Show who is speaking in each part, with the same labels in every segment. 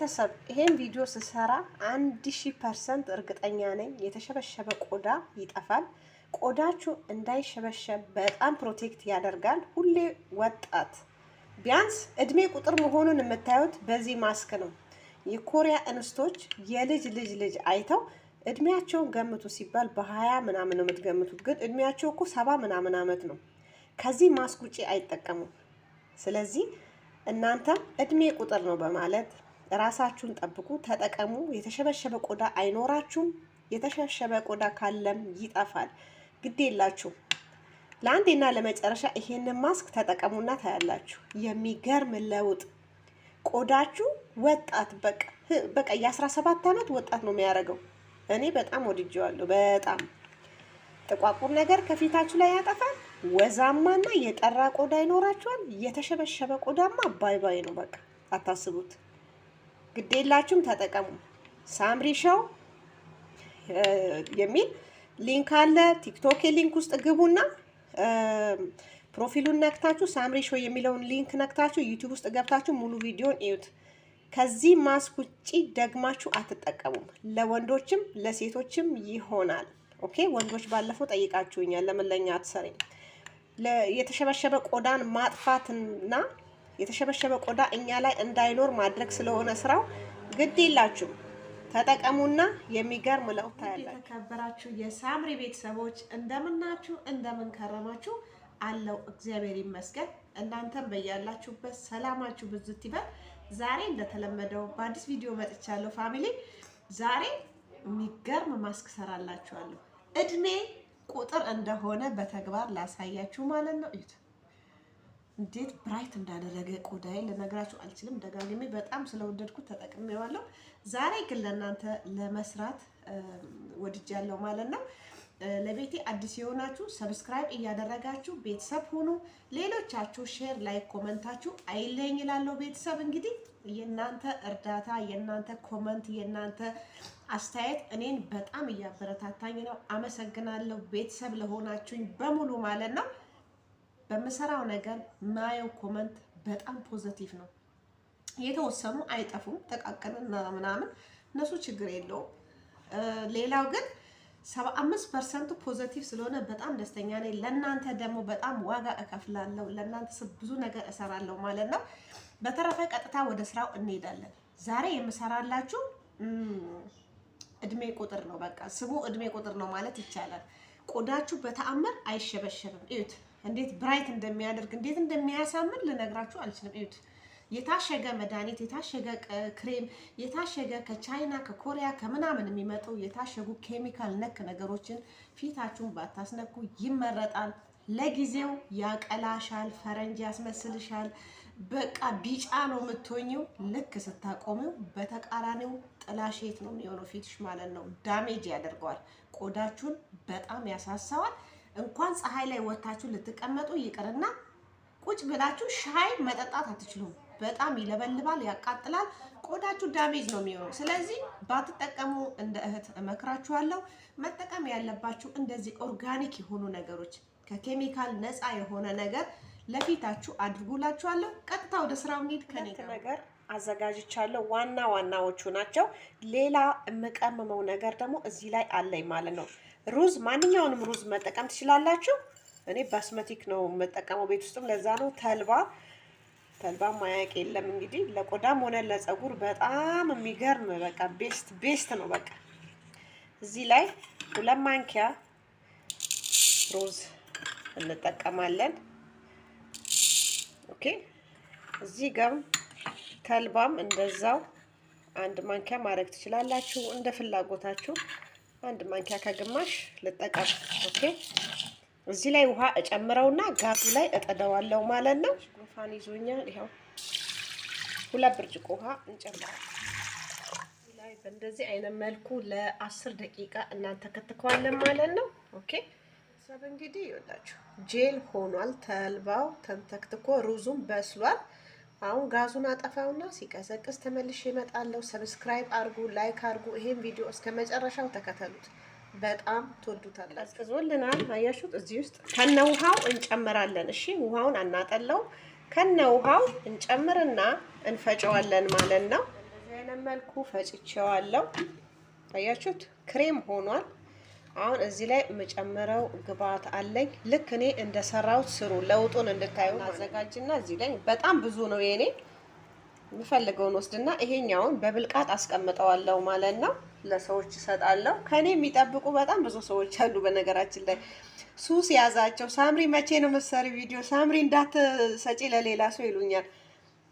Speaker 1: ቤተሰብ ይሄን ቪዲዮ ስሰራ አንድ ሺ ፐርሰንት እርግጠኛ ነኝ የተሸበሸበ ቆዳ ይጠፋል። ቆዳችሁ እንዳይሸበሸብ በጣም ፕሮቴክት ያደርጋል። ሁሌ ወጣት ቢያንስ እድሜ ቁጥር መሆኑን የምታዩት በዚህ ማስክ ነው። የኮሪያ እንስቶች የልጅ ልጅ ልጅ አይተው እድሜያቸውን ገምቱ ሲባል በሀያ ምናምን ነው የምትገምቱት፣ ግን እድሜያቸው እኮ ሰባ ምናምን ዓመት ነው። ከዚህ ማስክ ውጪ አይጠቀሙም። ስለዚህ እናንተም እድሜ ቁጥር ነው በማለት ራሳችሁን ጠብቁ፣ ተጠቀሙ። የተሸበሸበ ቆዳ አይኖራችሁም። የተሸበሸበ ቆዳ ካለም ይጠፋል። ግድ የላችሁ። ለአንዴና ለመጨረሻ ይሄንን ማስክ ተጠቀሙና ታያላችሁ የሚገርም ለውጥ። ቆዳችሁ ወጣት በቃ በቃ የ17 ዓመት ወጣት ነው የሚያደርገው። እኔ በጣም ወድጀዋለሁ። በጣም ጥቋቁር ነገር ከፊታችሁ ላይ ያጠፋል። ወዛማና የጠራ ቆዳ ይኖራችኋል። የተሸበሸበ ቆዳማ ባይ ባይ ነው። በቃ አታስቡት። ግዴላችሁም ተጠቀሙ። ሳምሪ ሾው የሚል ሊንክ አለ። ቲክቶክ ሊንክ ውስጥ ግቡና ፕሮፊሉን ነክታችሁ ሳምሪ ሾው የሚለውን ሊንክ ነክታችሁ ዩቲዩብ ውስጥ ገብታችሁ ሙሉ ቪዲዮን እዩት። ከዚህ ማስክ ውጪ ደግማችሁ አትጠቀሙም። ለወንዶችም ለሴቶችም ይሆናል። ኦኬ ወንዶች ባለፈው ጠይቃችሁኛል፣ ለምን ለኛ አትሰሪም? የተሸበሸበ ቆዳን ማጥፋትና የተሸበሸበ ቆዳ እኛ ላይ እንዳይኖር ማድረግ ስለሆነ ስራው ግድ ይላችሁ ተጠቀሙና የሚገርም ለውጥ ታያላችሁ። የተከበራችሁ የሳምሪ ቤተሰቦች እንደምናችሁ እንደምንከረማችሁ አለው እግዚአብሔር ይመስገን። እናንተም በያላችሁበት ሰላማችሁ ብዙት ይበል። ዛሬ እንደተለመደው በአዲስ ቪዲዮ መጥቻለሁ። ፋሚሊ ዛሬ የሚገርም ማስክ ሰራላችኋለሁ። እድሜ ቁጥር እንደሆነ በተግባር ላሳያችሁ ማለት ነው። እንዴት ብራይት እንዳደረገ ቆዳዬ ልነግራችሁ አልችልም። ደጋግሜ በጣም ስለወደድኩት ተጠቅሜዋለሁ። ዛሬ ግን ለእናንተ ለመስራት ወድጃለሁ ማለት ነው። ለቤቴ አዲስ የሆናችሁ ሰብስክራይብ እያደረጋችሁ ቤተሰብ ሆኑ። ሌሎቻችሁ ሼር ላይ ኮመንታችሁ አይለኝ ይላለው። ቤተሰብ እንግዲህ የእናንተ እርዳታ፣ የእናንተ ኮመንት፣ የእናንተ አስተያየት እኔን በጣም እያበረታታኝ ነው። አመሰግናለሁ ቤተሰብ ለሆናችሁኝ በሙሉ ማለት ነው። በምሰራው ነገር ማየው ኮመንት በጣም ፖዘቲቭ ነው። የተወሰኑ አይጠፉም፣ ተቃቀልና ምናምን እነሱ ችግር የለውም። ሌላው ግን 75 ፐርሰንቱ ፖዘቲቭ ስለሆነ በጣም ደስተኛ ነኝ። ለእናንተ ደግሞ በጣም ዋጋ እከፍላለሁ፣ ለእናንተ ብዙ ነገር እሰራለሁ ማለት ነው። በተረፈ ቀጥታ ወደ ስራው እንሄዳለን። ዛሬ የምሰራላችሁ እድሜ ቁጥር ነው። በቃ ስሙ እድሜ ቁጥር ነው ማለት ይቻላል። ቆዳችሁ በተአምር አይሸበሸብም። እዩት። እንዴት ብራይት እንደሚያደርግ እንዴት እንደሚያሳምን ልነግራችሁ አልችልም። እዩት። የታሸገ መድኃኒት፣ የታሸገ ክሬም፣ የታሸገ ከቻይና ከኮሪያ ከምናምን የሚመጡ የታሸጉ ኬሚካል ነክ ነገሮችን ፊታችሁን ባታስነኩ ይመረጣል። ለጊዜው ያቀላሻል፣ ፈረንጅ ያስመስልሻል። በቃ ቢጫ ነው የምትሆኝው። ልክ ስታቆሚው በተቃራኒው ጥላሸት ነው የሚሆነው ፊትሽ ማለት ነው። ዳሜጅ ያደርገዋል። ቆዳችሁን በጣም ያሳሰዋል። እንኳን ፀሐይ ላይ ወታችሁ ልትቀመጡ ይቅርና ቁጭ ብላችሁ ሻይ መጠጣት አትችሉም። በጣም ይለበልባል፣ ያቃጥላል፣ ቆዳችሁ ዳሜጅ ነው የሚሆነው። ስለዚህ ባትጠቀሙ እንደ እህት እመክራችኋለሁ። መጠቀም ያለባችሁ እንደዚህ ኦርጋኒክ የሆኑ ነገሮች፣ ከኬሚካል ነፃ የሆነ ነገር ለፊታችሁ አድርጉላችኋለሁ። ቀጥታ ወደ ስራው እንሂድ። ከኔ ነገር አዘጋጅቻለሁ። ዋና ዋናዎቹ ናቸው። ሌላ የምቀመመው ነገር ደግሞ እዚህ ላይ አለኝ ማለት ነው። ሩዝ ማንኛውንም ሩዝ መጠቀም ትችላላችሁ። እኔ ባስመቲክ ነው የምጠቀመው ቤት ውስጥም ለዛ ነው። ተልባ ተልባ ማያቅ የለም እንግዲህ ለቆዳም ሆነ ለፀጉር በጣም የሚገርም በቃ ቤስት ቤስት ነው። በቃ እዚህ ላይ ሁለት ማንኪያ ሩዝ እንጠቀማለን። ኦኬ እዚህ ጋር ተልባም እንደዛው አንድ ማንኪያ ማድረግ ትችላላችሁ እንደ ፍላጎታችሁ። አንድ ማንኪያ ከግማሽ ልጠቀም። ኦኬ እዚህ ላይ ውሃ እጨምረውና ጋዙ ላይ እጥደዋለሁ ማለት ነው። ጉንፋን ይዞኛል። ይኸው ሁለት ብርጭቆ ውሃ እንጨምራለን። ላይ በእንደዚህ አይነት መልኩ ለአስር ደቂቃ እናንተ ከትከዋለን ማለት ነው። ኦኬ ሰብ እንግዲህ ይወላችሁ ጄል ሆኗል። ተልባው ተንተክትኮ ሩዙም በስሏል። አሁን ጋዙን አጠፋውና ሲቀዘቅዝ ተመልሼ እመጣለሁ። ሰብስክራይብ አርጉ፣ ላይክ አርጉ፣ ይሄን ቪዲዮ እስከ መጨረሻው ተከተሉት፣ በጣም ትወዱታላችሁ። ቀዝቅዞልናል፣ አያችሁት? እዚህ ውስጥ ከነ ውሃው እንጨምራለን። እሺ ውሃውን አናጠለው፣ ከነ ውሃው እንጨምርና እንፈጨዋለን ማለት ነው። በዚህ አይነት መልኩ ፈጭቼዋለሁ። አያችሁት? ክሬም ሆኗል። አሁን እዚህ ላይ የምጨምረው ግብአት አለኝ። ልክ እኔ እንደሰራሁት ስሩ፣ ለውጡን እንድታዩ አዘጋጅና እዚህ ላይ በጣም ብዙ ነው የኔ የምፈልገውን ወስድና ይሄኛውን በብልቃጥ አስቀምጠዋለሁ ማለት ነው። ለሰዎች እሰጣለሁ። ከኔ የሚጠብቁ በጣም ብዙ ሰዎች አሉ። በነገራችን ላይ ሱስ ያዛቸው ሳምሪ መቼ ነው መሰሪ ቪዲዮ ሳምሪ እንዳትሰጪ ለሌላ ሰው ይሉኛል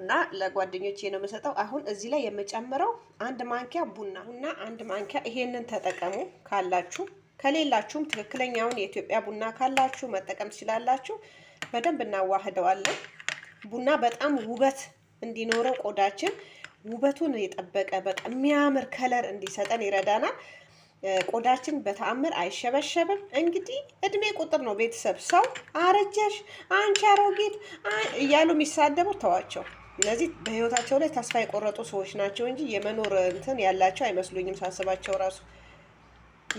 Speaker 1: እና ለጓደኞቼ ነው የምሰጠው። አሁን እዚህ ላይ የምጨምረው አንድ ማንኪያ ቡና እና አንድ ማንኪያ ይሄንን ተጠቀሙ ካላችሁ ከሌላችሁም ትክክለኛውን የኢትዮጵያ ቡና ካላችሁ መጠቀም ትችላላችሁ። በደንብ እናዋህደዋለን። ቡና በጣም ውበት እንዲኖረው ቆዳችን ውበቱን የጠበቀ በቃ የሚያምር ከለር እንዲሰጠን ይረዳናል። ቆዳችን በተአምር አይሸበሸብም። እንግዲህ እድሜ ቁጥር ነው። ቤተሰብ ሰው አረጀሽ፣ አንቺ አሮጊት እያሉ የሚሳደቡ ተዋቸው። እነዚህ በህይወታቸው ላይ ተስፋ የቆረጡ ሰዎች ናቸው እንጂ የመኖር እንትን ያላቸው አይመስሉኝም ሳስባቸው ራሱ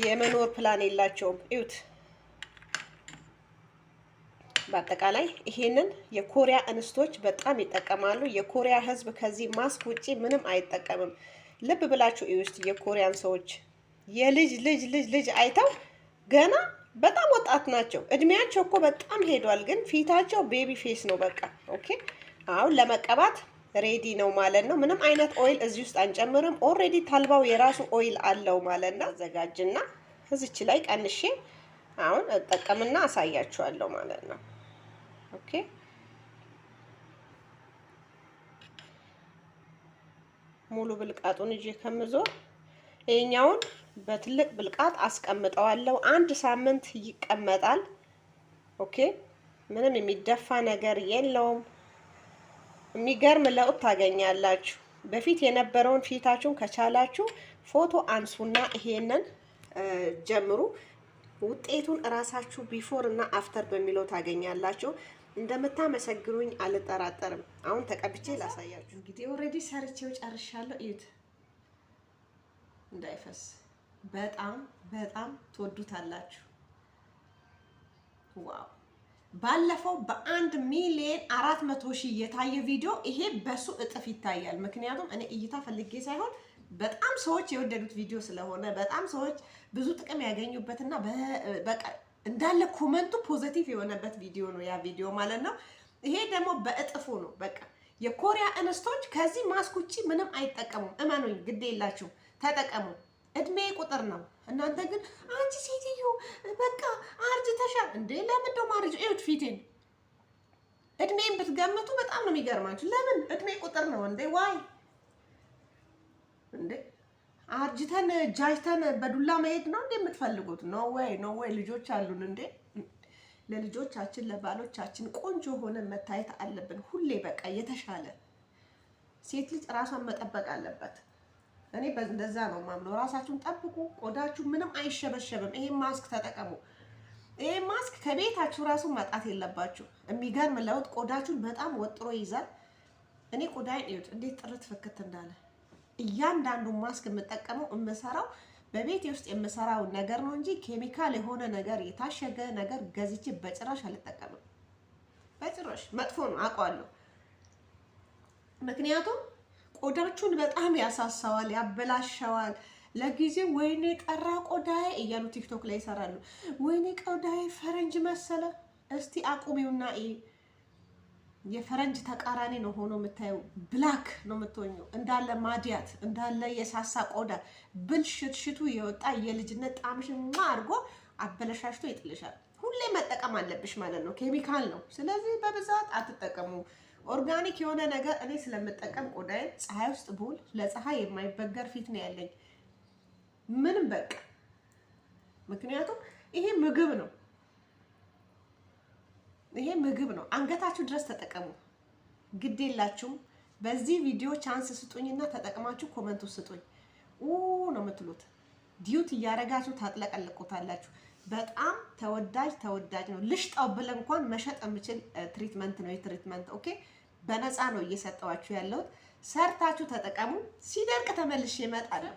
Speaker 1: የመኖር ፕላን የላቸውም። እዩት። በአጠቃላይ ይሄንን የኮሪያ እንስቶች በጣም ይጠቀማሉ። የኮሪያ ህዝብ ከዚህ ማስክ ውጪ ምንም አይጠቀምም። ልብ ብላችሁ እዩ እስቲ የኮሪያን ሰዎች የልጅ ልጅ ልጅ ልጅ አይተው ገና በጣም ወጣት ናቸው። እድሜያቸው እኮ በጣም ሄዷል፣ ግን ፊታቸው ቤቢ ፌስ ነው። በቃ ኦኬ። አሁን ለመቀባት ሬዲ ነው ማለት ነው። ምንም አይነት ኦይል እዚህ ውስጥ አንጨምርም። ኦልሬዲ ታልባው የራሱ ኦይል አለው ማለት ነው። አዘጋጅና እዚች ላይ ቀንሼ አሁን እጠቀምና አሳያችኋለሁ ማለት ነው። ኦኬ ሙሉ ብልቃጡን እጄ ከምዞር ይሄኛውን በትልቅ ብልቃጥ አስቀምጠዋለሁ። አንድ ሳምንት ይቀመጣል። ኦኬ ምንም የሚደፋ ነገር የለውም። የሚገርም ለውጥ ታገኛላችሁ። በፊት የነበረውን ፊታችሁን ከቻላችሁ ፎቶ አንሱና ይሄንን ጀምሩ። ውጤቱን እራሳችሁ ቢፎር እና አፍተር በሚለው ታገኛላችሁ። እንደምታመሰግኑኝ አልጠራጠርም። አሁን ተቀብቼ ላሳያችሁ። እንግዲህ ኦልሬዲ ሰርቼው ጨርሻለሁ። እዩት እንዳይፈስ። በጣም በጣም ትወዱታላችሁ። ዋው ባለፈው በአንድ ሚሊዮን አራት መቶ ሺህ የታየ ቪዲዮ ይሄ በሱ እጥፍ ይታያል። ምክንያቱም እኔ እይታ ፈልጌ ሳይሆን በጣም ሰዎች የወደዱት ቪዲዮ ስለሆነ በጣም ሰዎች ብዙ ጥቅም ያገኙበትና በቃ እንዳለ ኮመንቱ ፖዘቲቭ የሆነበት ቪዲዮ ነው ያ ቪዲዮ ማለት ነው። ይሄ ደግሞ በእጥፉ ነው። በቃ የኮሪያ እንስቶች ከዚህ ማስክ ውጪ ምንም አይጠቀሙም። እመኑኝ፣ ግድ የላችሁ ተጠቀሙ። እድሜ ቁጥር ነው። እናንተ ግን አንቺ ሴትዮ በቃ ሰርተሻል እንዴ? ለምን ደው ማርጅ እዩት ፊቴን እድሜን ብትገምቱ በጣም ነው የሚገርማችሁ። ለምን እድሜ ቁጥር ነው እንዴ? ዋይ እንዴ አርጅተን ጃጅተን በዱላ መሄድ ነው እንዴ የምትፈልጉት? ኖ ወይ ኖ ወይ። ልጆች አሉን እንዴ? ለልጆቻችን ለባሎቻችን ቆንጆ ሆነን መታየት አለብን። ሁሌ በቃ የተሻለ ሴት ልጅ ራሷን መጠበቅ አለበት። እኔ እንደዛ ነው ማምነው። ራሳችሁን ጠብቁ። ቆዳችሁ ምንም አይሸበሸብም። ይሄ ማስክ ተጠቀሙ። ይሄ ማስክ ከቤታችሁ ራሱ ማጣት የለባችሁ። የሚገርም ለውጥ ቆዳችሁን በጣም ወጥሮ ይይዛል። እኔ ቆዳዬን እዩት እንዴት ጥርት ፍክት እንዳለ። እያንዳንዱ ማስክ የምጠቀመው የምሰራው በቤቴ ውስጥ የምሰራው ነገር ነው እንጂ ኬሚካል የሆነ ነገር የታሸገ ነገር ገዝቼ በጭራሽ አልጠቀምም። በጭራሽ መጥፎ ነው አውቀዋለሁ። ምክንያቱም ቆዳችሁን በጣም ያሳሳዋል፣ ያበላሸዋል። ለጊዜው ወይኔ ጠራ ቆዳዬ እያሉ ቲክቶክ ላይ ይሰራሉ። ወይኔ ቆዳዬ ፈረንጅ መሰለ። እስቲ አቁሚውና የፈረንጅ ተቃራኒ ነው ሆኖ የምታየው። ብላክ ነው የምትሆኘው፣ እንዳለ ማዲያት፣ እንዳለ የሳሳ ቆዳ ብልሽትሽቱ የወጣ የልጅነት ጣምሽን አድርጎ አበለሻሽቶ ይጥልሻል። ሁሌ መጠቀም አለብሽ ማለት ነው፣ ኬሚካል ነው። ስለዚህ በብዛት አትጠቀሙ። ኦርጋኒክ የሆነ ነገር እኔ ስለምጠቀም ቆዳዬን ፀሐይ ውስጥ ብውል ለፀሐይ የማይበገር ፊት ነው ያለኝ። ምንም በቃ ምክንያቱም ይሄ ምግብ ነው። ይሄ ምግብ ነው። አንገታችሁ ድረስ ተጠቀሙ፣ ግድ የላችሁም። በዚህ ቪዲዮ ቻንስ ስጡኝና ተጠቅማችሁ ኮመንቱ ስጡኝ። ኡ ነው የምትሉት ዲዩት እያደረጋችሁ ታጥለቀልቁታላችሁ። በጣም ተወዳጅ ተወዳጅ ነው። ልሽጣው ብለ እንኳን መሸጥ የምችል ትሪትመንት ነው። የትሪትመንት ኦኬ፣ በነፃ ነው እየሰጠዋችሁ ያለሁት። ሰርታችሁ ተጠቀሙ። ሲደርቅ ተመልሼ እመጣለሁ።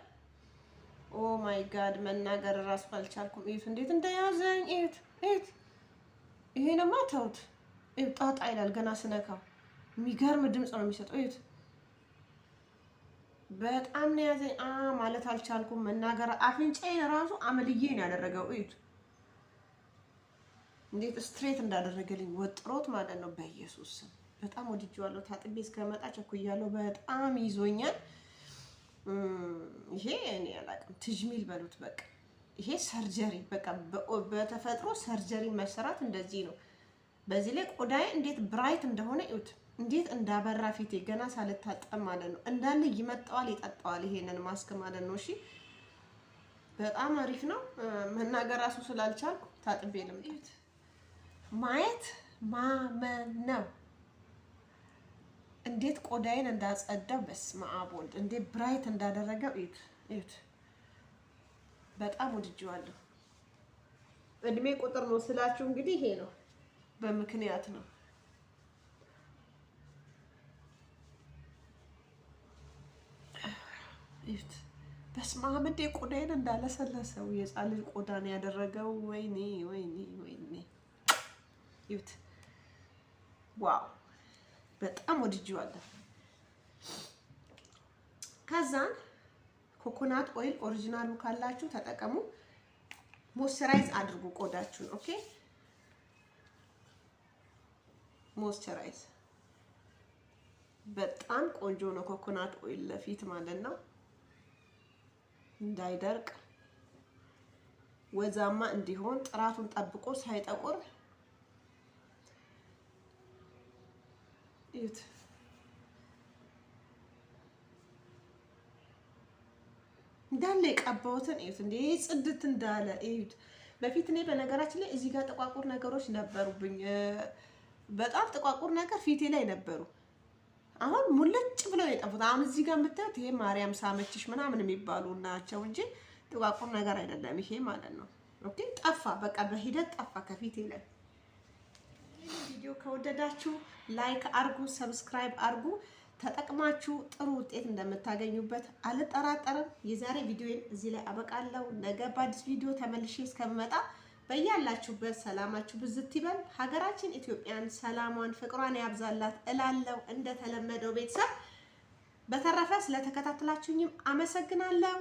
Speaker 1: ኦ ማይ ጋድ መናገር እራሱ አልቻልኩም። እዩት እንዴት እንደያዘኝ እዩት፣ እዩት። ይሄንማ ተውት። እዩት ጣጣ ይላል ገና ስነካው የሚገርም ድምፅ ነው የሚሰጠው። እዩት በጣም ነው የያዘኝ። አ ማለት አልቻልኩም መናገር አፍንጫዬን ራሱ አመልዬ ነው ያደረገው። እዩት እንዴት ስትሬት እንዳደረገልኝ ወጥሮት ማለት ነው። በኢየሱስ ስም በጣም ወድጄዋለሁ። ታጥቤ እስከመጣ ቸኩያለሁ። በጣም ይዞኛል። ይሄ እኔ አላውቅም። ትጅሚል በሉት በቃ ይሄ ሰርጀሪ በቃ በተፈጥሮ ሰርጀሪ መሰራት እንደዚህ ነው። በዚህ ላይ ቆዳዬ እንዴት ብራይት እንደሆነ እዩት፣ እንዴት እንዳበራ ፊቴ ገና ሳልታጠብ ማለት ነው። እንዳለ ይመጣዋል፣ ይጠጣዋል ይሄንን ማስክ ማለት ነው። እሺ በጣም አሪፍ ነው። መናገር ራሱ ስላልቻልኩ ታጥቤ ልምጣ። ማየት ማመን ነው። እንዴት ቆዳዬን እንዳጸዳው በስመ አብ ወልድ፣ እንዴት ብራይት እንዳደረገው እዩት እዩት። በጣም ወድጄዋለሁ። እድሜ ቁጥር ነው ስላችሁ እንግዲህ ይሄ ነው፣ በምክንያት ነው። እዩት በስመ አብ እንዴ ቆዳዬን እንዳለሰለሰው የሕፃን ልጅ ነው ያደረገው። ወይኔ ወይኔ ወይኔ! እዩት ዋው በጣም ወድጄዋለሁ። ከዛን ኮኮናት ኦይል ኦሪጂናሉ ካላችሁ ተጠቀሙ። ሞስቸራይዝ አድርጉ ቆዳችሁን። ኦኬ ሞስቸራይዝ በጣም ቆንጆ ነው። ኮኮናት ኦይል ለፊት ማለት ነው፣ እንዳይደርቅ ወዛማ እንዲሆን ጥራቱን ጠብቆ ሳይጠቁር እዩት። እንዳለ የቀባሁትን እዩት። እንደ ጽድት እንዳለ እዩት። በፊት እኔ በነገራችን ላይ እዚህ ጋር ጥቋቁር ነገሮች ነበሩብኝ። በጣም ጥቋቁር ነገር ፊቴ ላይ ነበሩ። አሁን ሙልጭ ብለው የጠፉት። አሁን እዚህ ጋር የምታዩት ይሄ ማርያም ሳመችሽ ምናምን የሚባሉ ናቸው እንጂ ጥቋቁር ነገር አይደለም ይሄ ማለት ነው። ኦኬ ጠፋ፣ በቃ በሂደት ጠፋ ከፊቴ ላይ። ቪዲዮ ከወደዳችሁ ላይክ አርጉ፣ ሰብስክራይብ አርጉ። ተጠቅማችሁ ጥሩ ውጤት እንደምታገኙበት አልጠራጠርም። የዛሬ ቪዲዮዬን እዚህ ላይ አበቃለሁ። ነገ በአዲስ ቪዲዮ ተመልሼ እስከምመጣ በያላችሁበት ሰላማችሁ ብዝት ይበል። ሀገራችን ኢትዮጵያን ሰላሟን ፍቅሯን ያብዛላት እላለሁ እንደተለመደው ቤተሰብ። በተረፈ ስለተከታተላችሁኝም አመሰግናለሁ።